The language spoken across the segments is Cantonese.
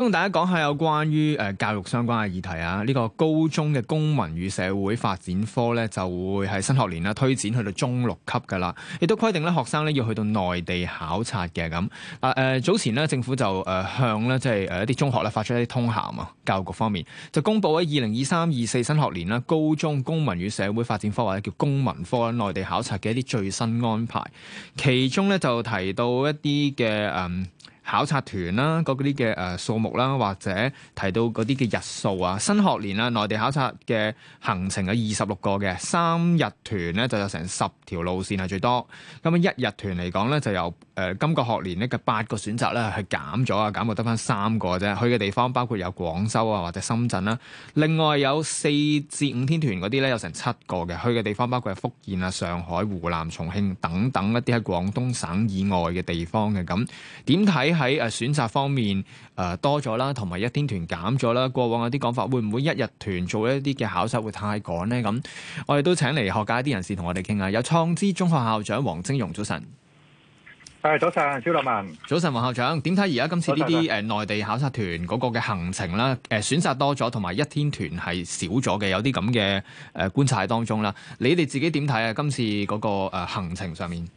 同大家講下有關於誒、呃、教育相關嘅議題啊，呢、這個高中嘅公民與社會發展科咧，就會係新學年啦推展去到中六級噶啦，亦都規定咧學生咧要去到內地考察嘅咁。嗱、啊、誒、呃，早前咧政府就誒、呃、向咧即係誒一啲中學咧發出一啲通函啊，教育局方面就公布喺二零二三二四新學年啦，高中公民與社會發展科或者叫公民科內地考察嘅一啲最新安排，其中咧就提到一啲嘅誒。嗯考察團啦，嗰啲嘅誒數目啦，或者提到嗰啲嘅日數啊，新學年啊，內地考察嘅行程有二十六個嘅三日團咧，就有成十條路線係最多。咁樣一日團嚟講咧，就由誒、呃，今個學年咧嘅八個選擇咧係減咗啊，減到得翻三個啫。去嘅地方包括有廣州啊，或者深圳啦、啊。另外有四至五天團嗰啲咧，有成七個嘅。去嘅地方包括係福建啊、上海、湖南、重慶等等一啲喺廣東省以外嘅地方嘅。咁點睇喺誒選擇方面誒、呃、多咗啦，同埋一天團減咗啦。過往有啲講法，會唔會一日團做一啲嘅考察會太趕呢？咁我哋都請嚟學界一啲人士同我哋傾下。有創知中學校長黃晶榕，早晨。係早晨，朱樂文。早晨，黃校長。點睇而家今次呢啲誒內地考察團嗰個嘅行程啦？誒，選擇多咗，同埋一天團係少咗嘅，有啲咁嘅誒觀察喺當中啦。你哋自己點睇啊？今次嗰個誒行程上面？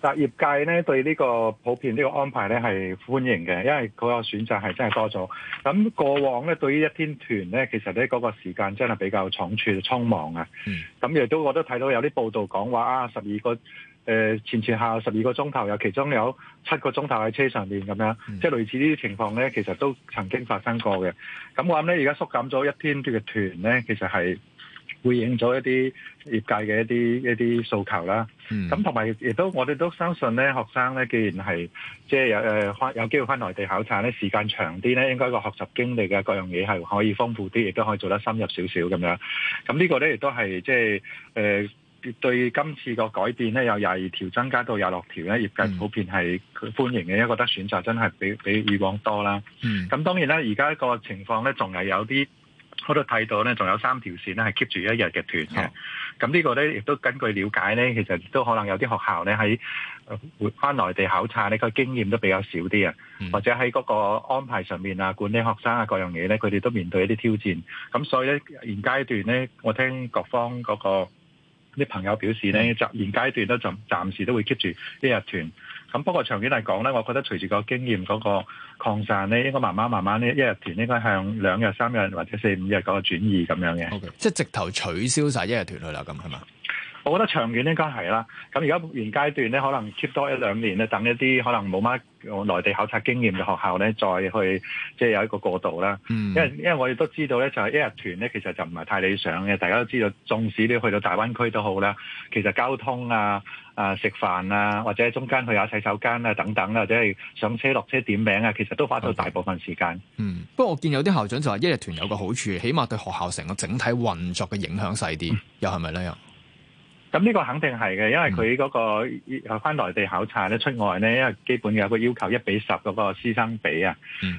嗱，業界咧對呢個普遍呢個安排咧係歡迎嘅，因為嗰個選擇係真係多咗。咁過往咧對於一天團咧，其實咧嗰個時間真係比較倉促匆忙啊。嗯。說說啊。咁亦都，我都睇到有啲報道講話啊，十二個。誒、呃、前前後十二個鐘頭，有其中有七個鐘頭喺車上面。咁樣，即係類似呢啲情況咧，其實都曾經發生過嘅。咁我諗咧，而家縮減咗一天嘅團咧，其實係回應咗一啲業界嘅一啲一啲訴求啦。咁同埋亦都，我哋都相信咧，學生咧，既然係即係誒，有機會返內地考察咧，時間長啲咧，應該個學習經歷嘅各樣嘢係可以豐富啲，亦都可以做得深入少少咁樣。咁呢個咧亦都係即係誒。呃對，對今次個改變咧，有廿二條增加到廿六條咧，業界普遍係歡迎嘅，因為覺得選擇真係比比以往多啦。咁、嗯、當然啦，而家個情況咧，仲係有啲我都睇到咧，仲有三條線咧係 keep 住一日嘅團嘅。咁好呢個咧，亦都根據了解咧，其實都可能有啲學校咧喺翻內地考察呢個經驗都比較少啲啊，嗯、或者喺嗰個安排上面啊、管理學生啊各樣嘢咧，佢哋都面對一啲挑戰。咁所以咧，現階段咧，我聽各方嗰、嗰個。啲朋友表示咧，現階段都暫暫時都會 keep 住一日團，咁不過長遠嚟講咧，我覺得隨住個經驗嗰個擴散咧，應該慢慢慢慢咧，一日團應該向兩日、三日或者四五日嗰個轉移咁樣嘅。Okay. 即係直頭取消晒一日團去啦，咁係嘛？我覺得長遠應該係啦。咁而家現階段咧，可能 keep 多一兩年咧，等一啲可能冇乜內地考察經驗嘅學校咧，再去即係、就是、有一個過渡啦。因為、嗯、因為我哋都知道咧，就係一日團咧，其實就唔係太理想嘅。大家都知道，縱使你去到大灣區都好啦，其實交通啊、啊食飯啊，或者中間去下洗手間啊等等啦，或者係上車落車點名啊，其實都花咗大部分時間。Okay. 嗯，不過我見有啲校長就話一日團有個好處，起碼對學校成個整體運作嘅影響細啲，嗯、又係咪呢？又咁呢個肯定係嘅，因為佢嗰個翻內地考察咧出外咧，因為基本有個要求一比十嗰個師生比啊。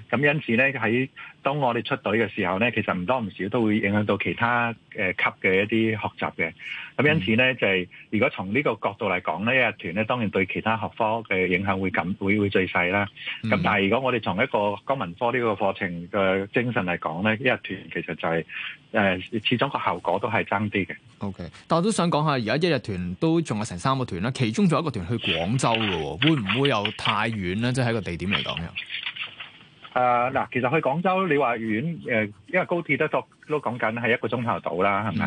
咁、嗯、因此咧喺當我哋出隊嘅時候咧，其實唔多唔少都會影響到其他誒、呃、級嘅一啲學習嘅。咁、嗯、因此咧，就係、是、如果從呢個角度嚟講咧，一日團咧當然對其他學科嘅影響會減，會會最細啦。咁、嗯、但係如果我哋從一個公民科呢個課程嘅精神嚟講咧，一日團其實就係、是、誒、呃、始終個效果都係爭啲嘅。O、okay. K，但我都想講下，而家一日團都仲有成三個團啦，其中仲有一個團去廣州嘅喎，會唔會有太遠咧？即係喺個地點嚟講又？誒嗱、呃，其實去廣州你，你話遠誒，因為高鐵都作都講緊係一個鐘頭到啦，係咪？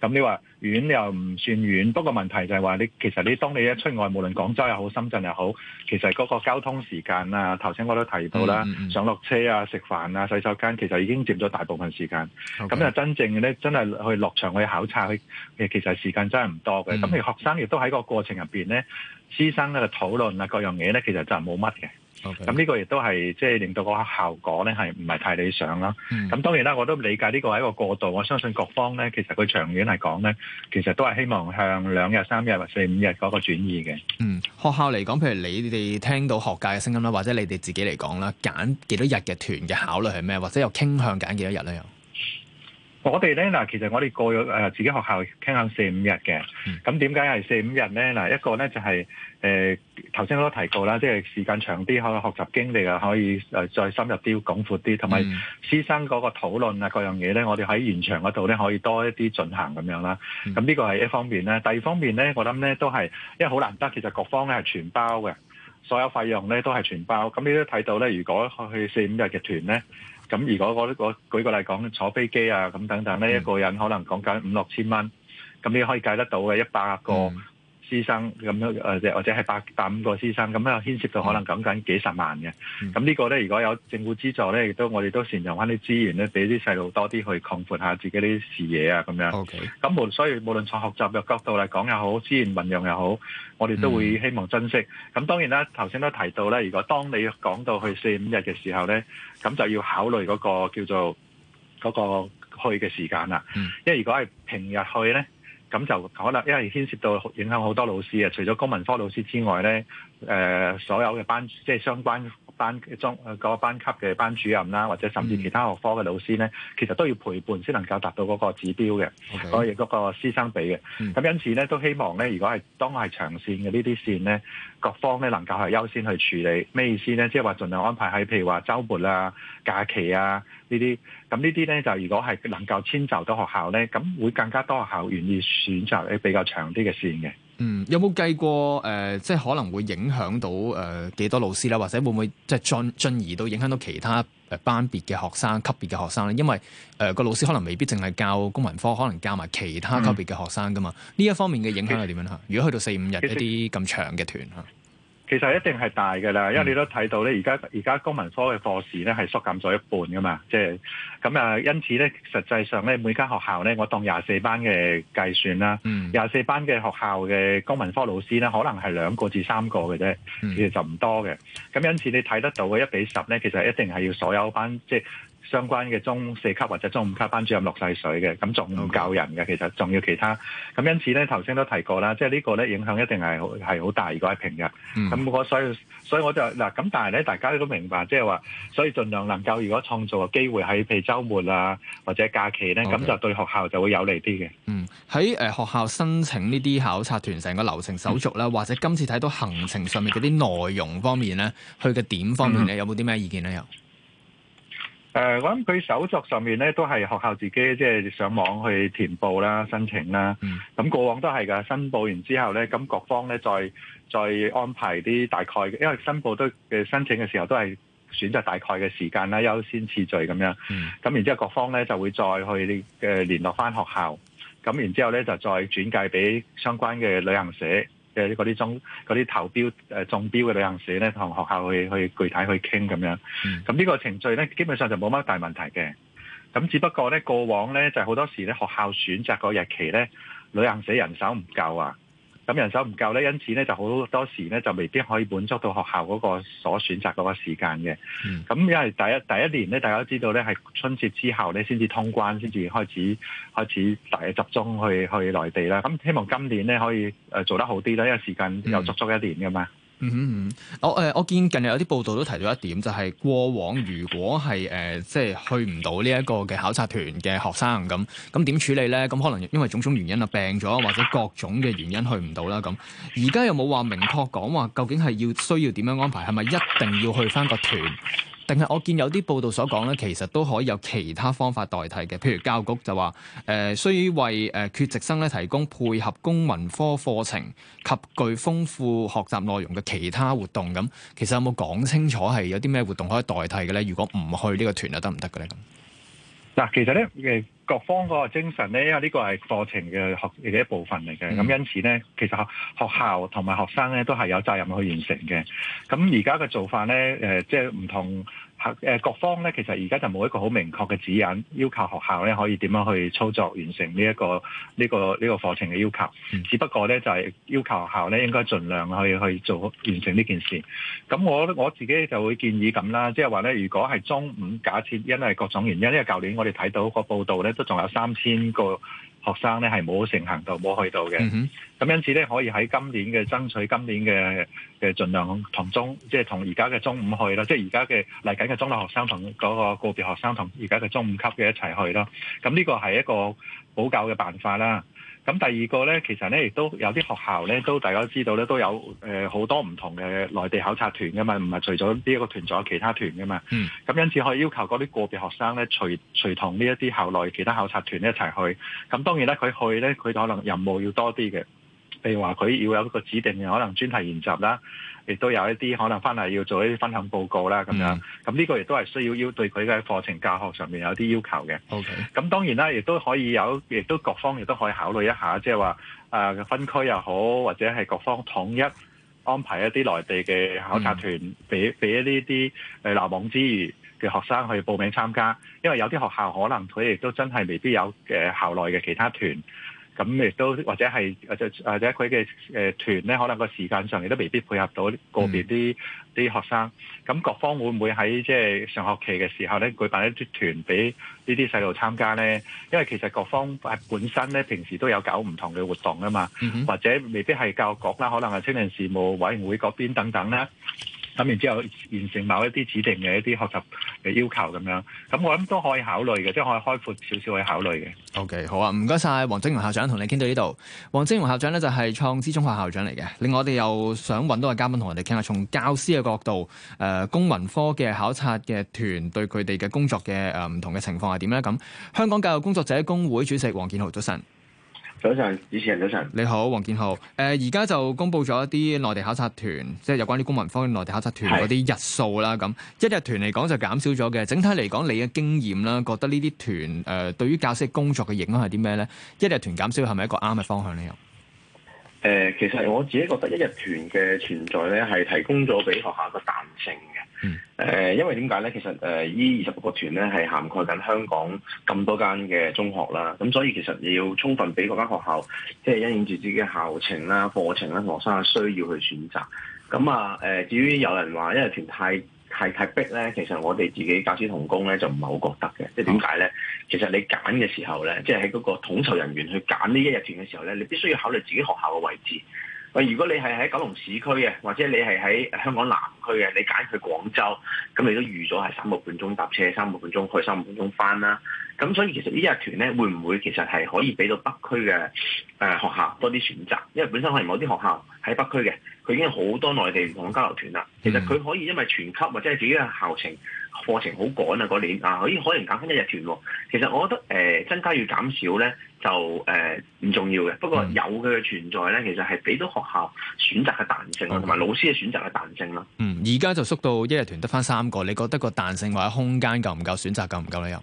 咁、嗯、你話遠又唔算遠，不過問題就係話你其實你當你一出外，無論廣州又好、深圳又好，其實嗰個交通時間啊，頭先我都提到啦，嗯嗯、上落車啊、食飯啊、洗手間，其實已經佔咗大部分時間。咁、嗯、就真正咧，真係去落場去考察去，其實時間真係唔多嘅。咁而、嗯嗯、學生亦都喺個過程入邊咧，師生咧討論啊各樣嘢咧，其實就係冇乜嘅。咁呢 Okay. 個亦都係即係令到個效果咧係唔係太理想啦。咁、嗯、當然啦，我都理解呢個係一個過渡。我相信各方咧，其實佢長遠嚟講咧，其實都係希望向兩日、三日或四五日嗰個轉移嘅。嗯，學校嚟講，譬如你哋聽到學界嘅聲音啦，或者你哋自己嚟講啦，揀幾多日嘅團嘅考慮係咩？或者有傾向揀幾多日咧？我哋咧嗱，其實我哋過咗誒自己學校傾向四五日嘅，咁點解係四五日咧？嗱，一個咧就係誒頭先我都提過啦，即係時間長啲，學習經歷可以學習經歷啊，可以誒再深入啲、廣闊啲，同埋師生嗰個討論啊，各樣嘢咧，我哋喺現場嗰度咧可以多一啲進行咁樣啦。咁呢、嗯、個係一方面咧，第二方面咧，我諗咧都係因為好難得，其實各方咧係全包嘅，所有費用咧都係全包。咁你都睇到咧，如果去四五日嘅團咧。咁、嗯、如果我我舉個例講，坐飛機啊咁等等咧，一個人可能講緊五六千蚊，咁你可以計得到嘅一百個。嗯師生咁樣誒，或者係百百五個師生，咁啊牽涉到可能講緊幾十萬嘅。咁、嗯、呢個咧，如果有政府資助咧，亦都我哋都善用翻啲資源咧，俾啲細路多啲去擴闊下自己啲視野啊，咁樣。咁 Okay. 無所以無論從學習嘅角度嚟講又好，資源運用又好，我哋都會希望珍惜。咁、嗯、當然啦，頭先都提到咧，如果當你講到去四五日嘅時候咧，咁就要考慮嗰個叫做嗰個去嘅時間啦。嗯、因為如果係平日去咧。咁就可能，因為牽涉到影響好多老師啊，除咗公民科老師之外咧。誒、呃、所有嘅班即係相關班中個、呃、班級嘅班主任啦，或者甚至其他學科嘅老師咧，其實都要陪伴先能夠達到嗰個指標嘅，所以嗰個師生比嘅。咁、嗯、因此咧，都希望咧，如果係當係長線嘅呢啲線咧，各方咧能夠係優先去處理。咩意思咧？即係話盡量安排喺譬如話週末啊、假期啊呢啲。咁呢啲咧就如果係能夠遷就到學校咧，咁會更加多學校願意選擇啲比較長啲嘅線嘅。嗯，有冇計過誒、呃，即係可能會影響到誒、呃、幾多老師啦？或者會唔會即係進進而到影響到其他誒班別嘅學生、級別嘅學生咧？因為誒、呃、個老師可能未必淨係教公民科，可能教埋其他級別嘅學生噶嘛。呢、嗯、一方面嘅影響係點樣嚇？其如果去到四五日一啲咁長嘅團嚇。其啊其實一定係大嘅啦，因為你都睇到咧，而家而家公民科嘅課時咧係縮減咗一半噶嘛，即係咁啊。因此咧，實際上咧，每間學校咧，我當廿四班嘅計算啦，廿四、嗯、班嘅學校嘅公民科老師咧，可能係兩個至三個嘅啫，嗯、其實就唔多嘅。咁因此你睇得到嘅一比十咧，其實一定係要所有班即係。就是相關嘅中四級或者中五級班主任落細水嘅，咁仲要教人嘅？其實仲要其他。咁因此咧，頭先都提過啦，即係呢個咧影響一定係係好大。如果係平嘅。咁我所以所以我就嗱咁，但係咧，大家都明白，即係話，所以盡量能夠如果創造個機會喺譬如週末啊或者假期咧，咁 Okay. 就對學校就會有利啲嘅。嗯，喺誒學校申請呢啲考察團成個流程手續啦，嗯、或者今次睇到行程上面嗰啲內容方面咧，去嘅點方面咧，嗯、有冇啲咩意見咧？又？誒，我諗佢手續上面咧都係學校自己即係、就是、上網去填報啦、申請啦。咁、嗯、過往都係噶，申報完之後咧，咁各方咧再再安排啲大概，嘅，因為申報都嘅申請嘅時候都係選擇大概嘅時間啦、優先次序咁樣。咁、嗯、然之後各方咧就會再去嘅、呃、聯絡翻學校，咁然之後咧就再轉介俾相關嘅旅行社。嘅嗰啲中啲投標、誒、呃、中標嘅旅行社咧，同學校去去，去具體去傾咁樣，咁呢個程序咧，基本上就冇乜大問題嘅。咁只不過咧，過往咧就係好多時咧，學校選擇個日期咧，旅行社人手唔夠啊。咁人手唔夠咧，因此咧就好多時咧就未必可以滿足到學校嗰個所選擇嗰個時間嘅。咁、嗯、因為第一第一年咧，大家都知道咧係春節之後咧先至通關，先至開始開始大集中去去內地啦。咁希望今年咧可以誒做得好啲啦，因為時間又足足一年㗎嘛。嗯嗯嗯嗯，我誒、呃、我見近日有啲報道都提到一點，就係、是、過往如果係誒、呃、即係去唔到呢一個嘅考察團嘅學生咁，咁點處理咧？咁可能因為種種原因啊，病咗或者各種嘅原因去唔到啦咁。而家又冇話明確講話，究竟係要需要點樣安排？係咪一定要去返個團？定係我見有啲報道所講咧，其實都可以有其他方法代替嘅。譬如教育局就話，誒、呃、需要為誒、呃、缺席生咧提供配合公民科課程及具豐富學習內容嘅其他活動咁。其實有冇講清楚係有啲咩活動可以代替嘅咧？如果唔去呢個團啊，得唔得嘅咧？嗱，其實咧，誒各方嗰個精神咧，因為呢個係課程嘅學嘅一部分嚟嘅，咁、嗯、因此咧，其實學校同埋學生咧都係有責任去完成嘅。咁而家嘅做法咧，誒、呃、即係唔同。誒各方咧，其實而家就冇一個好明確嘅指引，要求學校咧可以點樣去操作完成呢一個呢個呢個課程嘅要求。只不過咧，就係要求學校咧應該盡量去去做完成呢件事。咁我我自己就會建議咁啦，即係話咧，如果係中午，假設因為各種原因，因為舊年我哋睇到個報道咧，都仲有三千個。學生咧係冇成行到冇去到嘅，咁、嗯、哼因此咧可以喺今年嘅爭取今年嘅嘅儘量同中，即係同而家嘅中五去咯，即係而家嘅嚟緊嘅中六學生同嗰個個別學生同而家嘅中五級嘅一齊去咯，咁呢個係一個補救嘅辦法啦。咁第二個咧，其實咧亦都有啲學校咧，都大家都知道咧，都有誒、呃、好多唔同嘅內地考察團嘅嘛，唔係除咗呢一個團，仲有其他團嘅嘛。嗯。咁因此可以要求嗰啲個別學生咧，隨隨同呢一啲校內其他考察團一齊去。咁當然咧，佢去咧，佢可能任務要多啲嘅。譬如話佢要有一個指定嘅可能專題研習啦，亦都有一啲可能翻嚟要做一啲分享報告啦，咁、mm hmm. 樣，咁呢個亦都係需要要對佢嘅課程教學上面有啲要求嘅。OK，咁當然啦，亦都可以有，亦都各方亦都可以考慮一下，即係話誒分區又好，或者係各方統一安排一啲內地嘅考察團，俾俾、mm hmm. 一啲誒漏網之魚嘅學生去報名參加，因為有啲學校可能佢亦都真係未必有嘅校內嘅其他團。咁亦都或者係或者佢嘅誒團咧，可能個時間上亦都未必配合到個別啲啲學生。咁、嗯、各方會唔會喺即係上學期嘅時候咧舉辦一啲團俾呢啲細路參加咧？因為其實各方係本身咧平時都有搞唔同嘅活動啊嘛，嗯、哼或者未必係教育局啦，可能係青年事務委員會嗰邊等等咧。咁然之後完成某一啲指定嘅一啲學習嘅要求咁樣，咁我諗都可以考慮嘅，即係可以開闊少少去考慮嘅。OK，好啊，唔該晒。黃晶榕校長，同你傾到呢度。黃晶榕校長咧就係創知中學校長嚟嘅。另外我哋又想揾到個嘉賓同我哋傾下，從教師嘅角度，誒、呃、公民科嘅考察嘅團對佢哋嘅工作嘅誒唔同嘅情況係點咧？咁香港教育工作者工會主席黃建豪早晨。早晨，主持人早晨。你好，黃建豪。誒、呃，而家就公布咗一啲內地考察團，即係有關啲公民科內地考察團嗰啲日數啦。咁的一日團嚟講就減少咗嘅。整體嚟講，你嘅經驗啦，覺得呢啲團誒，對於教師工作嘅影響係啲咩咧？一日團減少係咪一個啱嘅方向咧？誒、呃，其實我自己覺得一日團嘅存在咧，係提供咗俾學校個彈性嘅。誒、呃，因為點解咧？其實誒，依二十六個團咧，係涵蓋緊香港咁多間嘅中學啦。咁所以其實你要充分俾嗰間學校，即係因應住自己嘅校情啦、課程啦、學生需要去選擇。咁啊，誒、呃，至於有人話一日團太，係太逼咧，其實我哋自己教師同工咧就唔係好覺得嘅。即係點解咧？其實你揀嘅時候咧，即係喺嗰個統籌人員去揀呢一日團嘅時候咧，你必須要考慮自己學校嘅位置。喂，如果你係喺九龍市區嘅，或者你係喺香港南區嘅，你揀去廣州，咁你都預咗係三個半鐘搭車，三個半鐘去，三個半鐘翻啦。咁所以其實呢日團咧，會唔會其實係可以俾到北區嘅誒、呃、學校多啲選擇？因為本身可能某啲學校喺北區嘅，佢已經好多內地唔同嘅交流團啦。其實佢可以因為全級或者係自己嘅校程課程好趕啊嗰年啊，可以可能減翻一日團。其實我覺得誒、呃、增加要減少咧。就誒唔、呃、重要嘅，不過有佢嘅存在咧，其實係俾到學校選擇嘅彈性，同埋 Okay. 老師嘅選擇嘅彈性啦。嗯，而家就縮到一日團得翻三個，你覺得個彈性或者空間夠唔夠選擇夠夠，夠唔夠呢？又？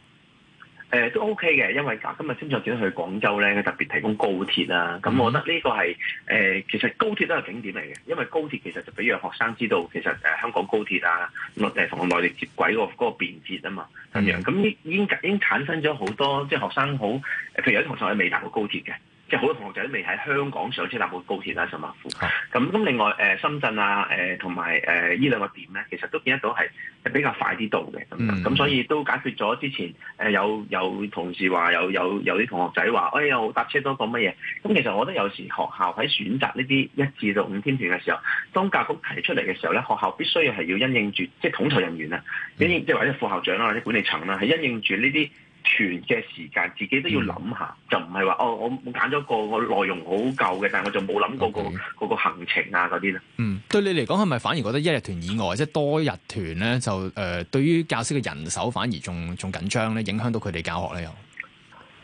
誒、嗯、都 OK 嘅，因為今今日先上展去廣州咧，特別提供高鐵啦、啊。咁我覺得呢個係誒、呃，其實高鐵都係景點嚟嘅，因為高鐵其實就俾學生知道其實誒香港高鐵啊，內誒同內地接軌個嗰個便捷啊嘛。咁樣咁已已經已經產生咗好多，即係學生好，譬如有啲同學佢未搭過高鐵嘅。即係好多同學仔都未喺香港上車搭過高鐵啊、什麼富？咁，咁另外誒、呃、深圳啊誒同埋誒呢兩個點咧，其實都見得到係係比較快啲到嘅。咁，咁、嗯、所以都解決咗之前誒、呃、有有同事話有有有啲同學仔話，哎呀搭車多過乜嘢？咁、嗯、其實我覺得有時學校喺選擇呢啲一至到五天團嘅時候，當教局提出嚟嘅時候咧，學校必須要係要因應住即係統籌人員啊，因應即係或者副校長啊，或者管理層啦，係因應住呢啲。團嘅時間自己都要諗下，嗯、就唔係話哦，我揀咗個我內容好夠嘅，但係我就冇諗到個 Okay. 個行程啊嗰啲咧。嗯，對你嚟講係咪反而覺得一日團以外，即係多日團呢，就誒、呃，對於教師嘅人手反而仲仲緊張呢，影響到佢哋教學呢？又？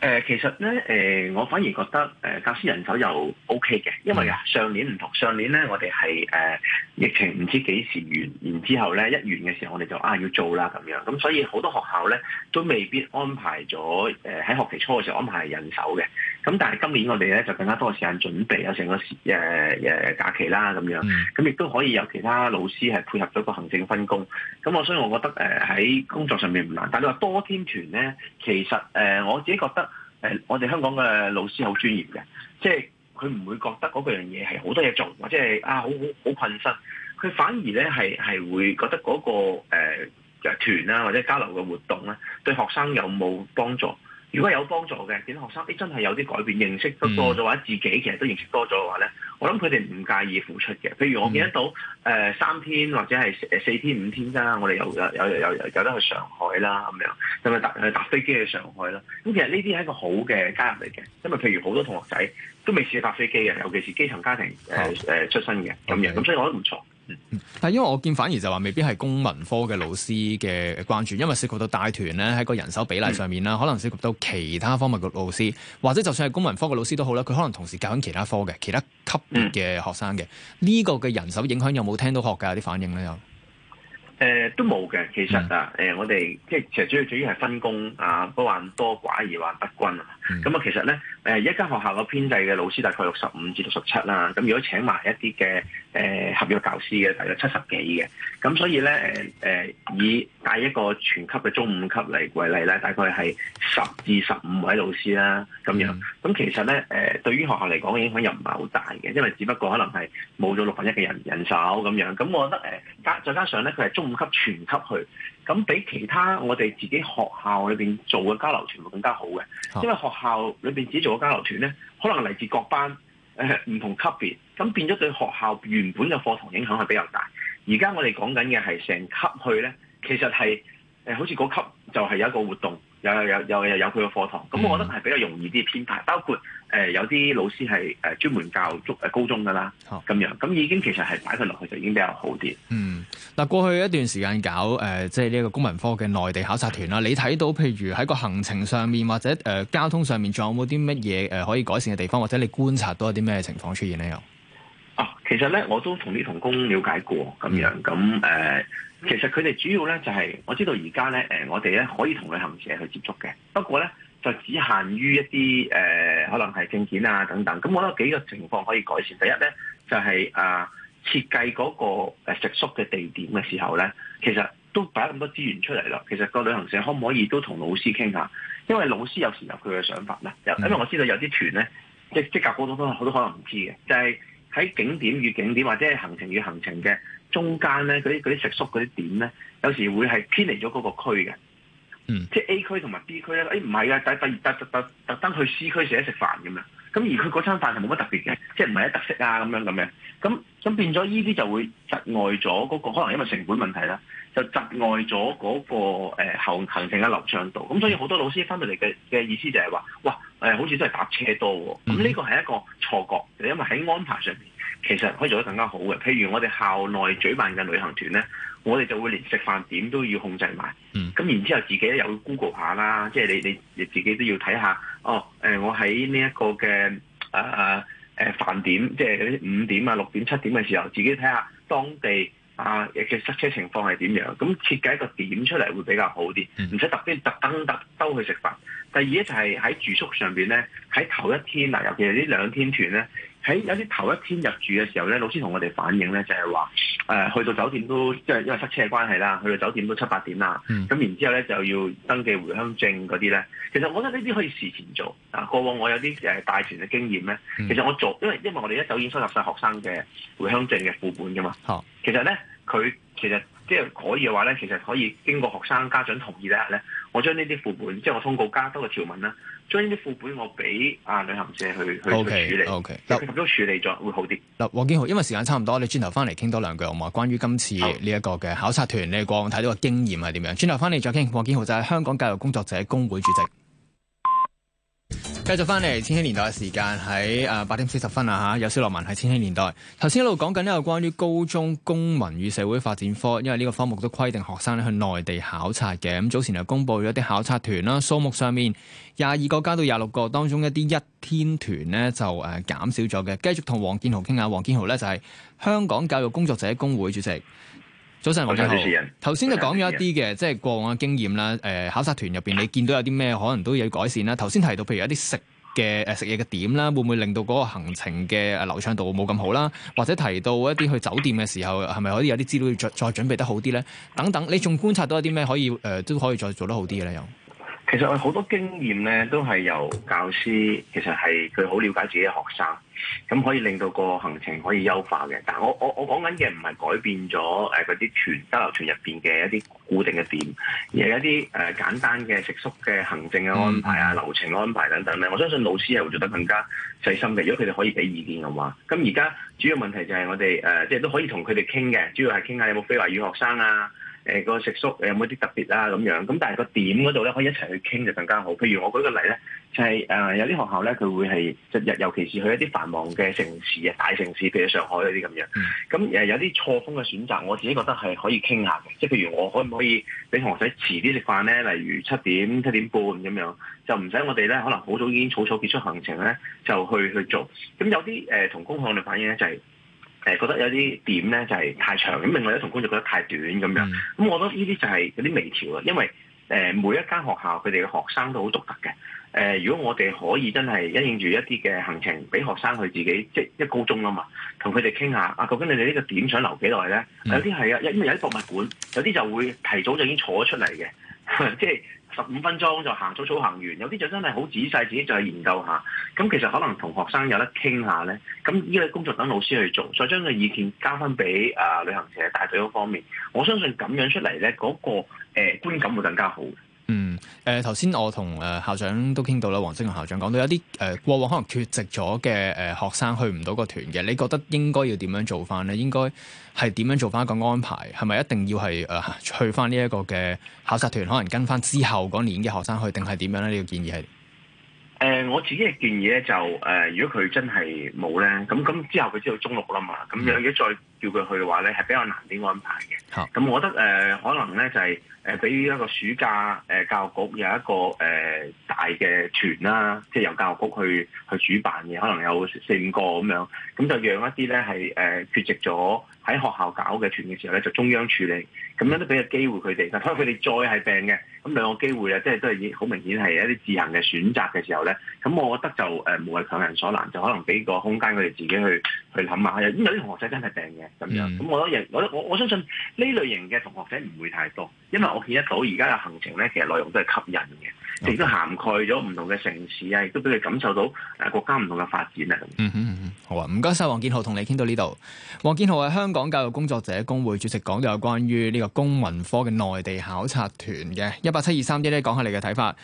誒、呃、其實咧，誒、呃、我反而覺得誒、呃、教師人手又 OK 嘅，因為啊上年唔同上年咧，我哋係誒疫情唔知幾時完，然之後咧一完嘅時候我，我哋就啊要做啦咁樣，咁、嗯、所以好多學校咧都未必安排咗誒喺學期初嘅時候安排人手嘅。咁但係今年我哋咧就更加多時間準備有成個時誒假期啦咁樣，咁亦都可以有其他老師係配合咗個行政分工。咁我所以，我覺得誒喺、呃、工作上面唔難。但你話多天團咧，其實誒、呃、我自己覺得誒、呃、我哋香港嘅老師好專業嘅，即係佢唔會覺得嗰樣嘢係好多嘢做，或者係啊好好困身。佢反而咧係係會覺得嗰、嗰個誒、呃、團啦、啊，或者交流嘅活動咧，對學生有冇幫助？如果有幫助嘅，見學生啲真係有啲改變，認識得多咗或者自己其實都認識多咗嘅話咧，我諗佢哋唔介意付出嘅。譬如我見得到誒嗯、呃三天或者係誒四天五天啦，我哋有有有有有得去上海啦咁樣，咁啊搭誒搭飛機去上海啦。咁、嗯、其實呢啲係一個好嘅加入嚟嘅，因為譬如好多同學仔都未試搭飛機嘅，尤其是基層家庭誒誒、呃、好出身嘅咁樣，咁所以我覺得唔錯。嗯、但係因為我見反而就話未必係公民科嘅老師嘅關注，因為涉及到帶團咧喺個人手比例上面啦，可能涉及到其他科目嘅老師，或者就算係公民科嘅老師都好啦，佢可能同時教緊其他科嘅其他級別嘅學生嘅呢、呢個嘅人手影響有冇聽到學界有啲反應咧？誒、呃、都冇嘅，其實啊，誒、嗯呃、我哋即係其實主要主要係分工啊，不患多寡而患不均啊。咁啊，其實咧誒、呃，一間學校個編制嘅老師大概六十五至六十七啦。咁如果請埋一啲嘅誒合約教師嘅，大概七十幾嘅。咁、嗯嗯嗯、所以咧誒、呃、以帶一個全級嘅中五級嚟為例咧，大概係十至十五位老師啦，咁樣。咁其實咧誒、呃，對於學校嚟講影響又唔係好大嘅，因為只不過可能係冇咗六分一嘅人的人手咁樣。咁我覺得誒加再加上咧，佢係中五級全級去，咁比其他我哋自己學校裏邊做嘅交流團會更加好嘅，因為學校裏面自己做嘅交流團咧，可能嚟自各班誒唔同級別，咁變咗對學校原本嘅課堂影響係比較大。而家我哋講緊嘅係成級去咧，其實係誒好似嗰級就係有一個活動。有有有有有佢嘅課堂，咁我覺得係比較容易啲編排。嗯、包括誒、呃、有啲老師係誒、呃、專門教高中嘅啦，咁樣咁已經其實係擺佢落去就已經比較好啲。嗯，嗱過去一段時間搞誒即係呢一個公民科嘅內地考察團啦，你睇到譬如喺個行程上面或者誒、呃、交通上面，仲有冇啲乜嘢誒可以改善嘅地方，或者你觀察到有啲咩情況出現呢？又啊，其實咧我都同啲同工了解過咁樣咁誒。嗯其實佢哋主要咧就係我知道而家咧誒，我哋咧可以同旅行社去接觸嘅，不過咧就只限於一啲誒、呃，可能係證件啊等等。咁我覺得幾個情況可以改善。第一咧就係、是、啊，設計嗰個食宿嘅地點嘅時候咧，其實都擺咁多資源出嚟啦。其實個旅行社可唔可以都同老師傾下？因為老師有時有佢嘅想法啦。嗯、因為我知道有啲團咧，即係職教嗰度都好多可能唔知嘅，就係、是、喺景點與景點或者係行程與行程嘅。中間咧嗰啲啲食宿嗰啲點咧，有時會係偏離咗嗰個區嘅，嗯，即係 A 區同埋 B 區咧，哎唔係啊，得特特特特登去 C 區食一食飯咁樣，咁而佢嗰餐飯係冇乜特別嘅，即係唔係一特色啊咁樣咁樣，咁咁變咗依啲就會窒礙咗嗰個，可能因為成本問題啦，就窒礙咗嗰個誒行行，行程嘅流暢度，咁、嗯、所以好多老師翻到嚟嘅嘅意思就係話，哇誒、呃、好似都係搭車多喎，咁呢個係一個錯覺，因為喺安排上面。其實可以做得更加好嘅，譬如我哋校內舉辦嘅旅行團咧，我哋就會連食飯點都要控制埋，咁、嗯、然之後自己咧又會 Google 下啦，即係你你你自己都要睇下，哦，誒、呃、我喺呢一個嘅啊啊誒飯點，即係五點啊六點七點嘅時候，自己睇下當地啊嘅塞車情況係點樣，咁設計一個點出嚟會比較好啲，唔使特別特登特兜去食飯。嗯、第二咧就係喺住宿上邊咧，喺頭一天嗱，尤其係呢兩天團咧。喺有啲頭一天入住嘅時候咧，老師同我哋反映咧就係話，誒、呃、去到酒店都即係因為塞車嘅關係啦，去到酒店都七八點啦，咁、mm. 然之後咧就要登記回鄉證嗰啲咧。其實我覺得呢啲可以事前做啊。過往我有啲誒大團嘅經驗咧，其實我做，因為因為我哋一早已經收集晒學生嘅回鄉證嘅副本噶嘛。Oh. 其實咧佢其實即係、就是、可以嘅話咧，其實可以經過學生家長同意咧，我將呢啲副本即係我通過加多嘅條文啦。將呢啲副本我俾啊旅行社去 okay, 去處理，OK，嗱都處理咗，會好啲。嗱，黃建豪，因為時間差唔多，你哋轉頭翻嚟傾多兩句好唔好啊？關於今次呢一個嘅考察團，你過往睇到嘅經驗係點樣？轉頭翻嚟再傾。黃建豪就係香港教育工作者工會主席。繼續翻嚟《千禧年代》嘅時間喺誒八點四十分啊吓，有小落文喺《千禧年代》頭先一路講緊呢個關於高中公民與社會發展科，因為呢個科目都規定學生咧去內地考察嘅，咁早前就公布咗啲考察團啦，數目上面廿二個加到廿六個，當中一啲一天團咧就誒減少咗嘅。繼續同黃建豪傾下，黃建豪咧就係香港教育工作者工會主席。早晨，黃主持人。頭先就講咗一啲嘅，即係過往嘅經驗啦。誒、呃，考察團入邊你見到有啲咩可能都要改善啦。頭先提到譬如一啲食嘅誒、呃、食嘢嘅點啦，會唔會令到嗰個行程嘅流暢度冇咁好啦？或者提到一啲去酒店嘅時候，係咪可以有啲資料要再再準備得好啲咧？等等，你仲觀察到一啲咩可以誒、呃、都可以再做得好啲嘅咧？又？其實我好多經驗咧，都係由教師，其實係佢好了解自己嘅學生，咁可以令到個行程可以優化嘅。但係我我我講緊嘅唔係改變咗誒嗰啲團交流團入邊嘅一啲固定嘅點，而係一啲誒、呃、簡單嘅食宿嘅行政嘅安排啊、流程安排等等咧。嗯、我相信老師係會做得更加細心嘅，如果佢哋可以俾意見嘅話。咁而家主要問題就係我哋誒、呃，即係都可以同佢哋傾嘅，主要係傾下有冇非華語學生啊。誒個食宿有冇啲特別啦、啊、咁樣，咁但係個點嗰度咧可以一齊去傾就更加好。譬如我舉個例咧，就係、是、誒、呃、有啲學校咧佢會係日日，尤其是去一啲繁忙嘅城市啊、大城市，譬如上海嗰啲咁樣。咁誒、嗯呃、有啲錯峰嘅選擇，我自己覺得係可以傾下嘅。即係譬如我可唔可以俾同學仔遲啲食飯咧？例如七點、七點半咁樣，就唔使我哋咧可能好早已經草草結束行程咧就去去做。咁有啲誒、呃、同工行嘅反應咧就係、是。誒覺得有啲點咧就係、是、太長，咁另外咧同工就覺得太短咁樣，咁我覺得呢啲就係嗰啲微調啊，因為誒、呃、每一間學校佢哋嘅學生都好獨特嘅。誒、呃、如果我哋可以真係因應住一啲嘅行程，俾學生佢自己即係一、就是、高中啦嘛，同佢哋傾下啊，究竟你哋呢個點想留幾耐咧？有啲係啊，因為有啲博物館，有啲就會提早就已經坐咗出嚟嘅， 即係。十五分鐘就行，草草行完。有啲就真係好仔細，自己就去研究下。咁其實可能同學生有得傾下咧。咁呢個工作等老師去做，再將個意見交翻俾啊旅行社大隊嗰方面。我相信咁樣出嚟咧，嗰、那個誒、呃、觀感會更加好。嗯，誒頭先我同誒、呃、校長都傾到啦，黃晶榕校長講到有啲誒、呃、過往可能缺席咗嘅誒學生去唔到個團嘅，你覺得應該要點樣做翻咧？應該係點樣做翻一個安排？係咪一定要係誒、呃、去翻呢一個嘅考察團，可能跟翻之後嗰年嘅學生去，定係點樣咧？呢、這個建議係誒、呃、我自己嘅建議咧、就是，就、呃、誒如果佢真係冇咧，咁咁之後佢知道中六啦嘛，咁有嘢再。叫佢去嘅話咧，係比較難啲安排嘅。咁我覺得誒、呃，可能咧就係誒譬如一個暑假誒、呃，教育局有一個誒、呃、大嘅團啦，即係由教育局去去主辦嘅，可能有四五個咁樣，咁就讓一啲咧係誒缺席咗喺學校搞嘅團嘅時候咧，就中央處理。咁樣都俾個機會佢哋，就係佢哋再係病嘅，咁兩個機會咧，即係都係好明顯係一啲自行嘅選擇嘅時候咧，咁我覺得就誒無謂強人所難，就可能俾個空間佢哋自己去去諗下。因為有啲同學仔真係病嘅咁樣，咁、嗯嗯、我我，我相信呢類型嘅同學仔唔會太多，因為我見得到而家嘅行程咧，其實內容都係吸引嘅，亦都、嗯、涵蓋咗唔同嘅城市啊，亦都俾佢感受到誒國家唔同嘅發展啊、嗯嗯嗯嗯。好啊，唔該晒。黃建豪同你傾到呢度。黃建豪係香港教育工作者工會主席，講到有關於呢、呢個。公民科嘅內地考察團嘅一八七二三 D 咧，講下你嘅睇法。